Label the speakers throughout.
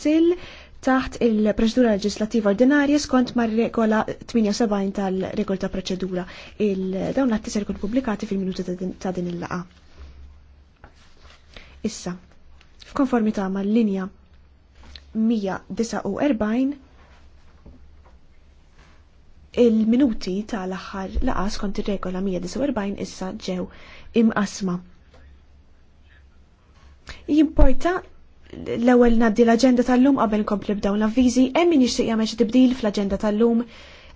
Speaker 1: kunsill taħt il-proċedura leġislativa ordinarja skont ma' regola 78 tal-regol ta' proċedura. Dawn l-atti ser ikun pubblikati fil-minuti ta' din il-laqa. Issa, f'konformità ma' l-linja 149 il-minuti tal-aħħar laqa skont ir-regola 149 issa ġew imqasma. Jimporta l-ewwel ngħaddi l-aġenda tal-lum qabel nkompli b'dawn l-avviżi, hemm min jixtieq jagħmel xi tibdil fl-aġenda tal-lum,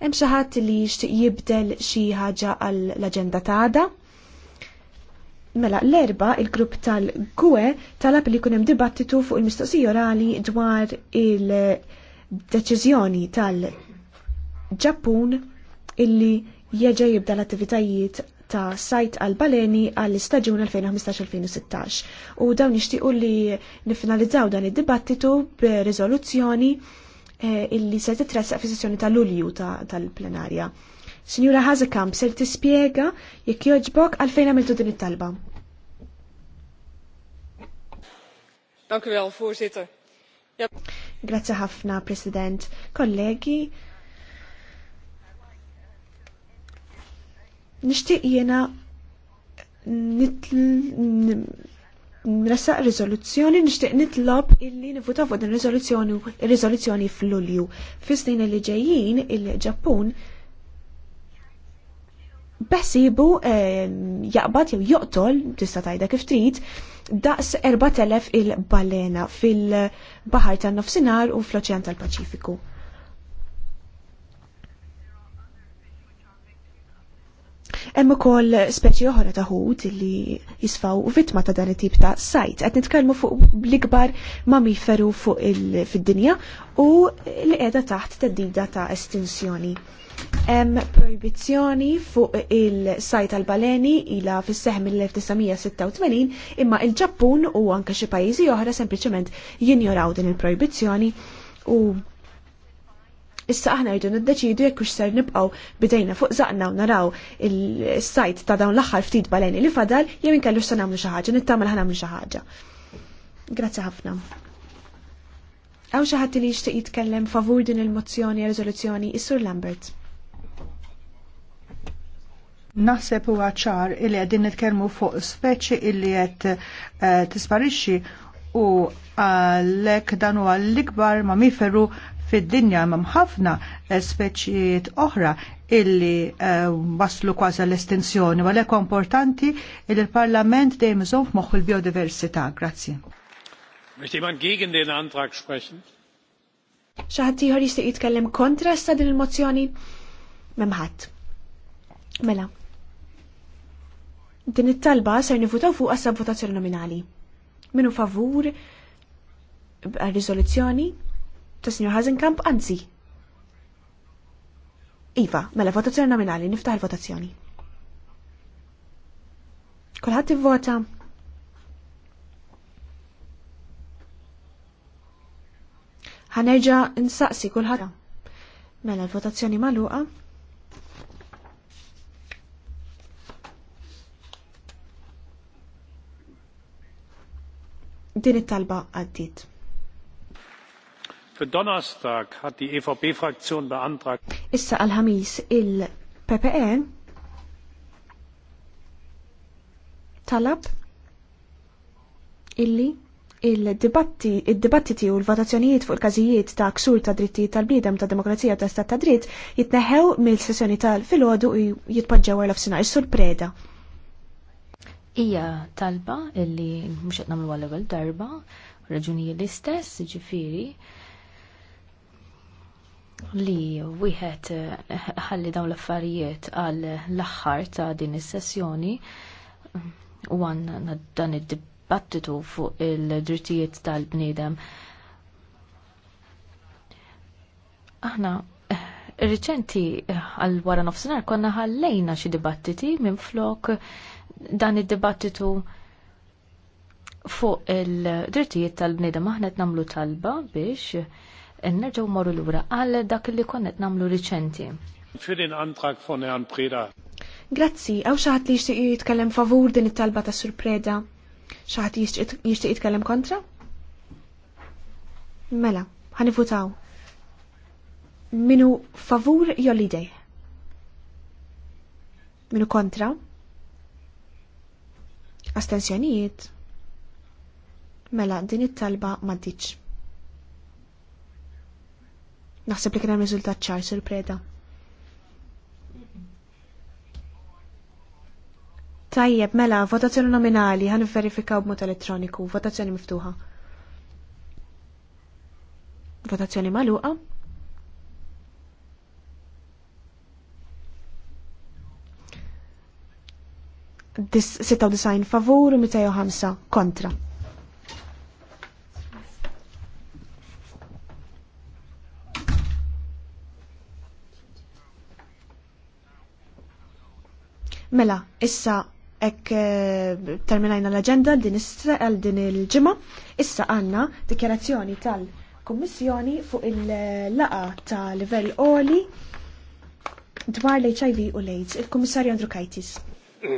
Speaker 1: hemm xi ħadd li jixtieq jibdel xi ħaġa għal l-aġenda ta' għada. Mela l-erba il-grupp tal-GUE talab li jkun hemm dibattitu fuq il-mistoqsija orali dwar il-deċiżjoni tal-Ġappun illi jeġa jibda l-attivitajiet ta' sajt għal-baleni għall-istaġun 2015-2016. U dawn nixtiequ li nifinalizzaw dan id-dibattitu b'riżoluzzjoni eh, illi se titressaq fi sessjoni ta' Lulju tal-plenarja. Sinjura Hazekamp, ser tispjega jekk joġbok għalfejn għamiltu din it-talba. Dank u wel, Grazie ħafna, President. Kollegi, nixtieq jiena nressaq Rizoluzzjoni nixtieq nitlob illi nivutaw fuq din riżoluzzjoni riżoluzzjoni f'Lulju. fis li ġejjin il-Ġappun besibu jaqbad jew joqtol tista' tajda kif trid daqs 4000 il-balena fil-baħar tan-nofsinhar u fl-Oċean tal-Paċifiku. Hemm ukoll speċi oħra ta' ħut li jisfaw vittma ta' dan it-tip ta' sajt. Qed nitkellmu fuq l-ikbar mammiferu fuq fid-dinja u li qiegħda taħt tedida ta' estinzjoni. Hemm proibizzjoni fuq il-sajt tal-baleni ila fis-seħ mill-1986 imma il-Ġappun u anke xi pajjiżi oħra sempliċement jinjoraw din il-proibizzjoni u Issa aħna rridu niddeċidu jekk hux ser nibqgħu bidejna fuq zaqna u naraw il-sajt ta' dawn l-aħħar ftit baleni li fadal jew inkellu se nagħmlu xi ħaġa, nittamel ħa nagħmlu xi ħaġa. Grazzi ħafna. Hawn xi ħadd li jixtieq jitkellem favur din il-mozzjoni e riżoluzzjoni is-Sur Lambert. Naħseb huwa ċar li qegħdin nitkellmu fuq speċi illi qed eh, tisparixxi u għalek dan huwa l-ikbar mamiferu fid-dinja hemm ħafna eh, speċijiet oħra illi eh, waslu kważi l-estinzjoni u għalhekk importanti li l-Parlament dejjem iżomm f'moħħ il-biodiversità. Grazzi. Möchte jemand gegen Antrag Xaħat tiħor jistiq jitkellem kontra sta din il-mozzjoni? Memħat. Mela. Din it-talba ser nivutaw fuq għasab votazzjoni nominali. Minu favur għal-rizoluzzjoni? ta' Sinjor Hazenkamp, anzi. Iva, mela votazzjoni nominali, niftaħ il-votazzjoni. Kulħadd ivvota. Ħanerġa' insaqsi kulħadd. Mela l-votazzjoni magħluqa. Din it-talba għaddiet. E Issa għal-ħamis il-PPE talab illi il-dibattiti u l-votazzjonijiet fuq il-każijiet ta' ksur ta' drittijiet tal-bniedem ta' demokrazija ta' stat ta' dritt jitneħew mill-sessjoni
Speaker 2: tal-filgħodu u jitpoġġew għal is-sur preda. Ija talba illi mhux qed nagħmlu għal ewwel darba, raġunijiet l-istess, ġifieri, li wieħed eh, ħalli dawn l-affarijiet għal l-aħħar ta' din is-sessjoni u għanna dan id-dibattitu fuq il-drittijiet tal-bniedem. Aħna eh, riċenti eh, għal wara nofsinhar konna ħallejna xi dibattiti minn flok dan id-dibattitu fuq il-drittijiet tal-bniedem aħna qed nagħmlu talba biex nerġaw morru lura għal dak li konnet nagħmlu riċenti. Grazzi, għaw xaħat li jishtiq jitkellem favur din it-talba ta' surpreda.
Speaker 1: Xaħat jishtiq jitkellem kontra? Mela, ħanifutaw. Minu favur jolidej. Minu kontra? Astensjonijiet? Mela, din it-talba maddiċ. Naħseb li kien hemm riżultat ċar sur-preda. Tajjeb, mela, votazzjoni nominali, għan verifikaw b'mod elettroniku, votazzjoni miftuħa. Votazzjoni maluqa. Dis 96 favur u 205 kontra. Mela, issa ek eh, terminajna l-agenda din għal din il-ġimma, issa għanna dikjerazzjoni tal-Kummissjoni fuq il-laqa ta' livell oli dwar l-HIV u l-AIDS, il-Kummissarju Andrew Kajtis.